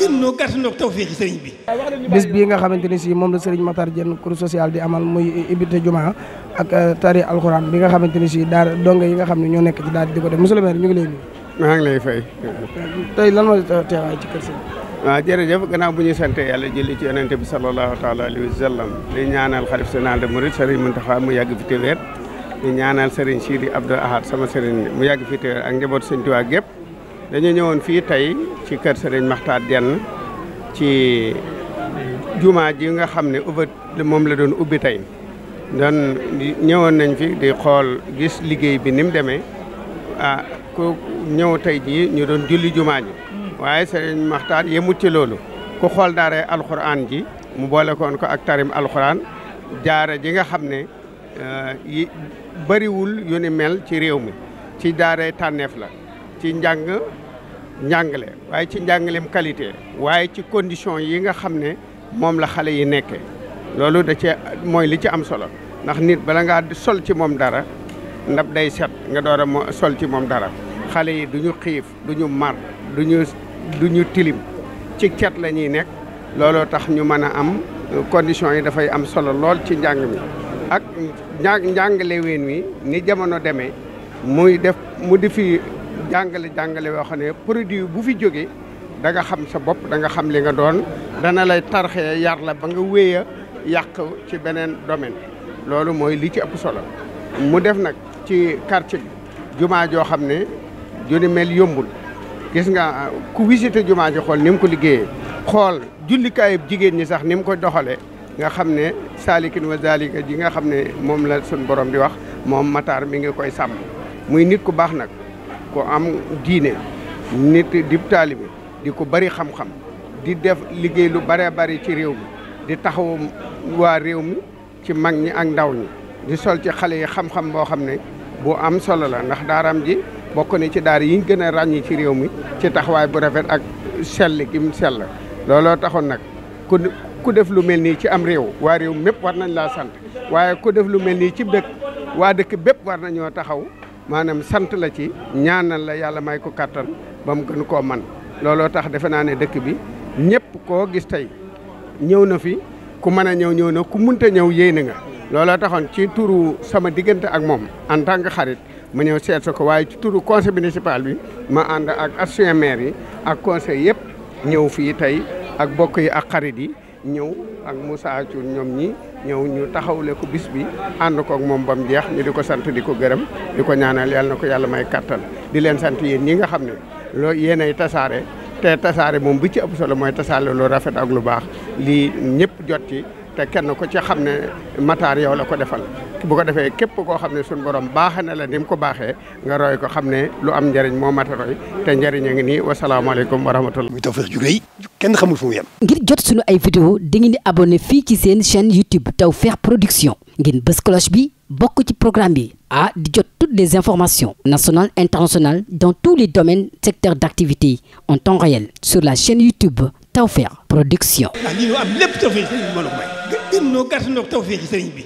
gën ñoo gàtt ñoo tawféexi bi. bis bii nga xamante ni sii moom la sëriñ Matar Diène kuréel social di amal muy ibité juma ak euh, tari alxuraan bi nga xamante ni sii daara donga yi nga xam ne ñoo nekk ci daal di ko def monsieur le ñu ngi lay nuyu. maa ngi lay fay. tey lan moo teewaay ci kër sëriñ. waaw jërëjëf gannaaw bu ñu sant yàlla jëli ci yonente bi sallallahu taala alayhi wa sallam di ñaanal xalif général de Mouride sëriñ Mountakha mu yàgg fi te wér di ñaanal sëriñ Sidi Abdou sama sëriñ mu yàgg fi te wér ak njaboot sëriñ Tuubaa gépp dañu ñëwoon fii tey ci kër Serigne Makhtar Diène ci jumaa ji nga xam ne ubbi moom la doon ubbi tey doon ñëwoon nañ fi di xool gis liggéey bi ni mu demee ah ku ñëw tey jii ñu doon julli jumaa ji waaye Serigne Makhtar yemut ci loolu ku xool daara alxuraan ji mu boole koon ko ak tarim alxuraan jaara ji nga xam ne ah, yi bëriwul yu ni mel ci réew mi ci daara tànneef la ci njàng njàngale waaye ci njàngaleem qualité waaye ci condition yi nga xam ne moom la xale yi nekkee loolu da cee mooy li ci am solo ndax nit bala ngaa sol ci moom dara ndab day set nga door a sol ci moom dara xale yi duñu xiif duñu mar du ñu tilim ci cet la ñuy nekk looloo tax ñu mën a am condition yi dafay am solo lool ci njàng mi ak njàng njàngale ween wi ni jamono demee muy def mu di fi jàngale jàngale yoo xam ne produit bu fi jógee da nga xam sa bopp da nga xam li nga doon dana lay tarxee yar la ba nga wéy a yàq ci beneen domaine loolu mooy li ci ëpp solo mu def nag ci quartier bi jumaa joo xam ne juni mel yombul gis nga ku visité jumaa ji xool ni mu ko liggéeye xool jullikaayub jigéen ñi sax ni mu ko doxalee nga xam ne saalikin wa zalika ji nga xam ne moom la sun borom di wax moom mataar mi ngi koy sàmm muy nit ku baax nag ku am diine nit dib taalibe di ko bari xam-xam di def liggéey lu bare bari ci réew mi di taxawu waa réew mi ci mag ñi ak ndaw ñi di sol ci xale yi xam-xam boo xam ne bu am solo la ndax daaraam ji bokk na ci daar yiñ gën a ràññi ci réew mi ci taxawaay bu rafet ak sell gi sel la looloo taxoon nag ku ku def lu mel nii ci am réew waa réew mépp war nañ laa sant waaye ku def lu mel nii ci dëkk waa dëkk bépp war nañoo taxaw maanaam sant la ci ñaanal la yàlla may ko kàttan ba mu gën koo man looloo tax defe naa ne dëkk bi ñëpp koo gis tey ñëw na fi ku mën a ñëw ñëw na ku munta ñëw yéene nga looloo taxoon ci turu sama diggante ak moom en tant que xarit ma ñëw seet sa ko waaye ci turu bi municipal bi ma ànd ak association yi ak conseil yëpp ñëw fii tey ak bokk yi ak xarit yi ñëw ak Moussa Thioune ñoom ñi ñëw ñu taxawle ko bis bi ànd koog moom ba jeex ñu di ko sant di ko gërëm di ko ñaanal yàlla na ko yàlla may kattan di leen sant yéen ñi nga xam ne loo yéenay tasaare te tasaare moom bi ci ëpp solo mooy tasaare lu rafet ak lu baax lii ñëpp jot ci. te kenn ko ci xam ne mataar yow la ko defal bu ko defee képp koo xam ne suñ borom baaxe na la ni mu ko baaxee nga roy ko xam ne lu am njëriñ moo mat a roy te njëriñ ngi nii wasalaamaaleykum wa rahmatullah muy Tawfekh jugee yi kenn xamul fu mu ngir jot suñu ay vidéo dangeen di abonné fii ci seen chaîne YouTube Tawfekh Production ngeen bës cloche bi bokk ci programme bi ah di jot toutes des informations national internationales dans tous les domaines secteurs d'activité en temps réel sur la chaîne YouTube. Tawfekh Production. ndax ah, lii am lépp tawfeex ci sëriñ bi mën a may. gën noo gàtt noo tawfeex ci sëriñ bi.